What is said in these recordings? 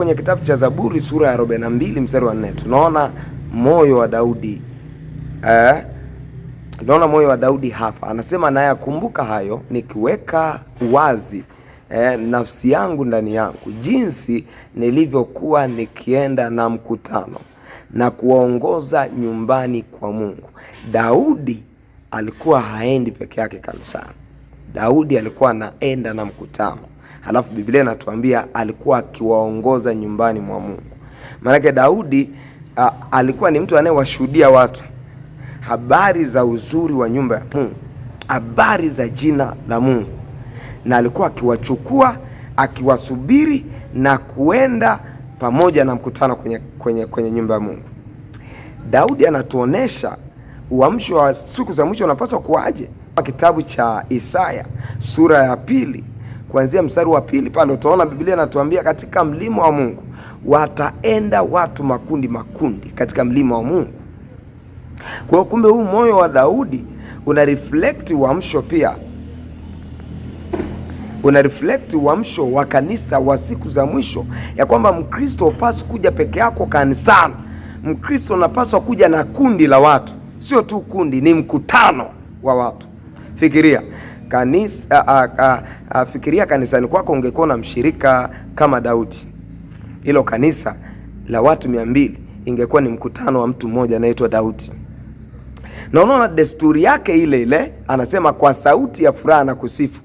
Kwenye kitabu cha Zaburi sura ya 42 mstari wa 4 tunaona moyo wa Daudi eh, tunaona moyo wa Daudi hapa, anasema nayakumbuka hayo nikiweka wazi eh, nafsi yangu ndani yangu, jinsi nilivyokuwa nikienda na mkutano na kuwaongoza nyumbani kwa Mungu. Daudi alikuwa haendi peke yake kanisani, Daudi alikuwa anaenda na mkutano Halafu Biblia inatuambia alikuwa akiwaongoza nyumbani mwa Mungu. Maanake Daudi a, alikuwa ni mtu anayewashuhudia watu habari za uzuri wa nyumba ya Mungu, habari za jina la Mungu, na alikuwa akiwachukua akiwasubiri na kuenda pamoja na mkutano kwenye, kwenye, kwenye nyumba ya Mungu. Daudi anatuonesha uamsho wa siku za mwisho unapaswa kuwaje. Kitabu cha Isaya sura ya pili kuanzia mstari wa pili pale utaona Biblia inatuambia katika mlima wa Mungu wataenda watu makundi makundi katika mlima wa Mungu. Kwa hiyo kumbe, huu moyo wa Daudi una reflect uamsho pia, una reflect uamsho wa kanisa wa siku za mwisho, ya kwamba Mkristo hupaswi kuja peke yako kanisani. Mkristo unapaswa kuja na kundi la watu, sio tu kundi, ni mkutano wa watu. Fikiria kanisa, a, a, a, fikiria kanisani kwako ungekuwa na mshirika kama Daudi, hilo kanisa la watu mia mbili ingekuwa ni mkutano wa mtu mmoja anaitwa Daudi. Na unaona desturi yake ile ile, anasema kwa sauti ya furaha na kusifu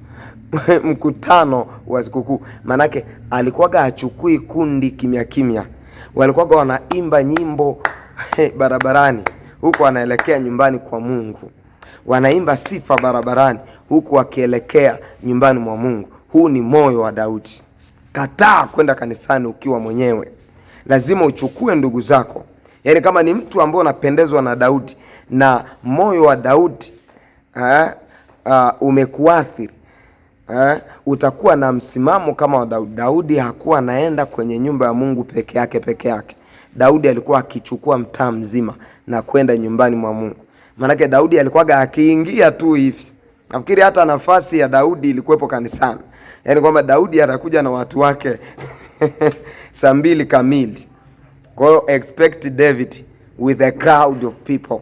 mkutano wa sikukuu. manake alikuwaga achukui kundi kimya kimya, walikuwaga wanaimba nyimbo barabarani, huko anaelekea nyumbani kwa Mungu wanaimba sifa barabarani, huku wakielekea nyumbani mwa Mungu. Huu ni moyo wa Daudi. Kataa kwenda kanisani ukiwa mwenyewe, lazima uchukue ndugu zako. Yaani kama ni mtu ambaye unapendezwa na Daudi na moyo wa Daudi eh, uh, umekuathiri eh, utakuwa na msimamo kama wa Daudi. Daudi hakuwa anaenda kwenye nyumba ya Mungu peke yake peke yake. Daudi alikuwa akichukua mtaa mzima na kwenda nyumbani mwa Mungu. Maanake Daudi alikuwaga akiingia tu hivi. Nafikiri hata nafasi ya Daudi ilikuwepo kanisani, yaani kwamba Daudi atakuja na watu wake saa mbili kamili. Kwa hiyo expect David with a crowd of people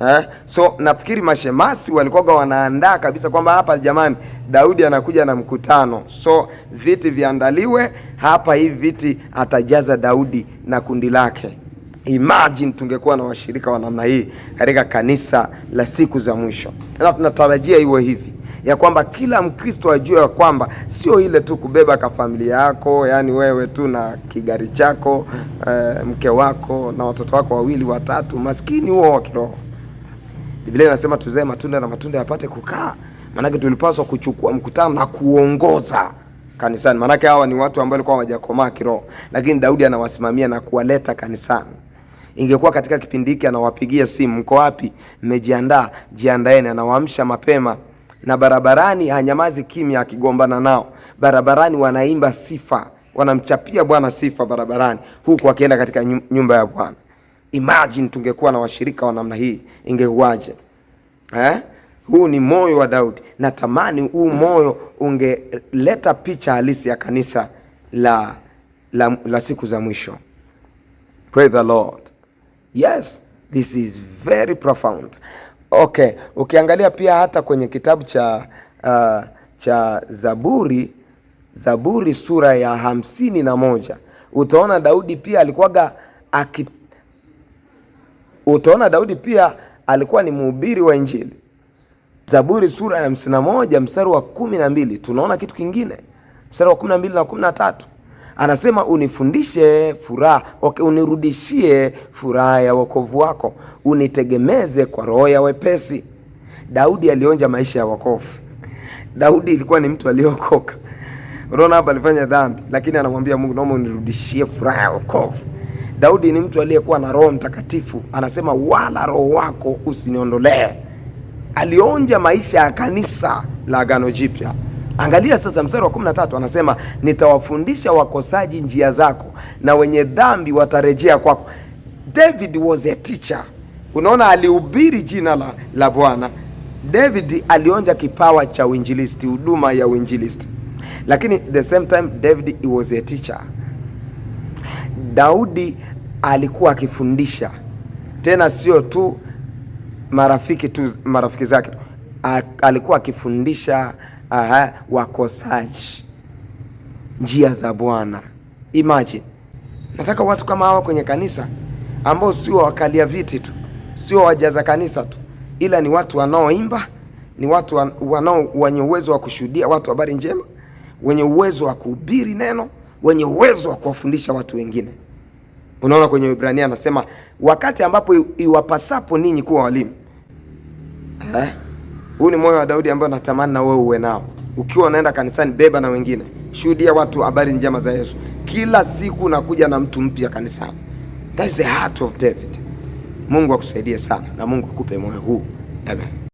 eh? So nafikiri mashemasi walikuwaga wanaandaa kabisa kwamba hapa, jamani, Daudi anakuja na mkutano, so viti viandaliwe hapa, hivi viti atajaza Daudi na kundi lake. Imagine tungekuwa na washirika wa namna hii katika kanisa la siku za mwisho, na tunatarajia iwe hivi ya kwamba kila Mkristo ajue ya kwamba sio ile tu kubeba ka familia yako, yaani wewe tu na kigari chako e, mke wako na watoto wako wawili watatu, maskini huo wa kiroho. Biblia inasema tuzae matunda na matunda yapate kukaa. Maanake tulipaswa kuchukua mkutano na kuongoza kanisani, maanake hawa ni watu ambao walikuwa hawajakomaa kiroho, lakini Daudi anawasimamia na kuwaleta kanisani ingekuwa katika kipindi hiki anawapigia simu, mko wapi? Mmejiandaa? Jiandaeni. Anawaamsha mapema na barabarani hanyamazi kimya, akigombana nao barabarani, wanaimba sifa, wanamchapia Bwana sifa barabarani, huku akienda katika nyumba ya Bwana. Imagine tungekuwa na washirika wa namna hii ingekuwaje eh? Huu ni moyo wa Daudi. Natamani huu moyo ungeleta picha halisi ya kanisa la, la, la siku za mwisho. Praise the Lord. Yes, this is very profound. Okay, ukiangalia pia hata kwenye kitabu cha uh, cha Zaburi Zaburi sura ya hamsini na moja utaona Daudi pia alikuwaga aki, utaona Daudi pia alikuwa ni mhubiri wa Injili. Zaburi sura ya hamsini na moja mstari wa kumi na mbili tunaona kitu kingine, mstari wa kumi na mbili na kumi na tatu anasema unifundishe furaha okay, unirudishie furaha ya wokovu wako, unitegemeze kwa roho ya wepesi. Daudi alionja maisha ya wokovu. Daudi ilikuwa ni mtu aliokoka, unaona hapa alifanya dhambi, lakini anamwambia Mungu, naomba unirudishie furaha ya wokovu. Daudi ni mtu aliyekuwa na Roho Mtakatifu, anasema wala roho wako usiniondolee. Alionja maisha ya kanisa la Agano Jipya. Angalia sasa mstari wa 13 anasema, nitawafundisha wakosaji njia zako na wenye dhambi watarejea kwako. David was a teacher. Unaona, alihubiri jina la, la Bwana. David alionja kipawa cha uinjilisti, huduma ya uinjilisti, lakini the same time David he was a teacher. Daudi alikuwa akifundisha tena, sio tu marafiki tu marafiki zake, alikuwa akifundisha aha, wakosaji njia za Bwana. Imagine, nataka watu kama hawa kwenye kanisa ambao sio wakalia viti tu, sio wajaza kanisa tu, ila ni watu wanaoimba, ni watu wanao wenye uwezo wa kushuhudia watu habari njema, wenye uwezo wa kuhubiri neno, wenye uwezo wa kuwafundisha watu wengine. Unaona, kwenye Ibrania anasema wakati ambapo iwapasapo ninyi kuwa walimu eh? Huu ni moyo wa Daudi ambao natamani na wewe uwe nao. Ukiwa unaenda kanisani, beba na wengine, shuhudia watu habari njema za Yesu. Kila siku unakuja na mtu mpya kanisani. is the heart of David. Mungu akusaidie sana na Mungu akupe moyo huu. Amen.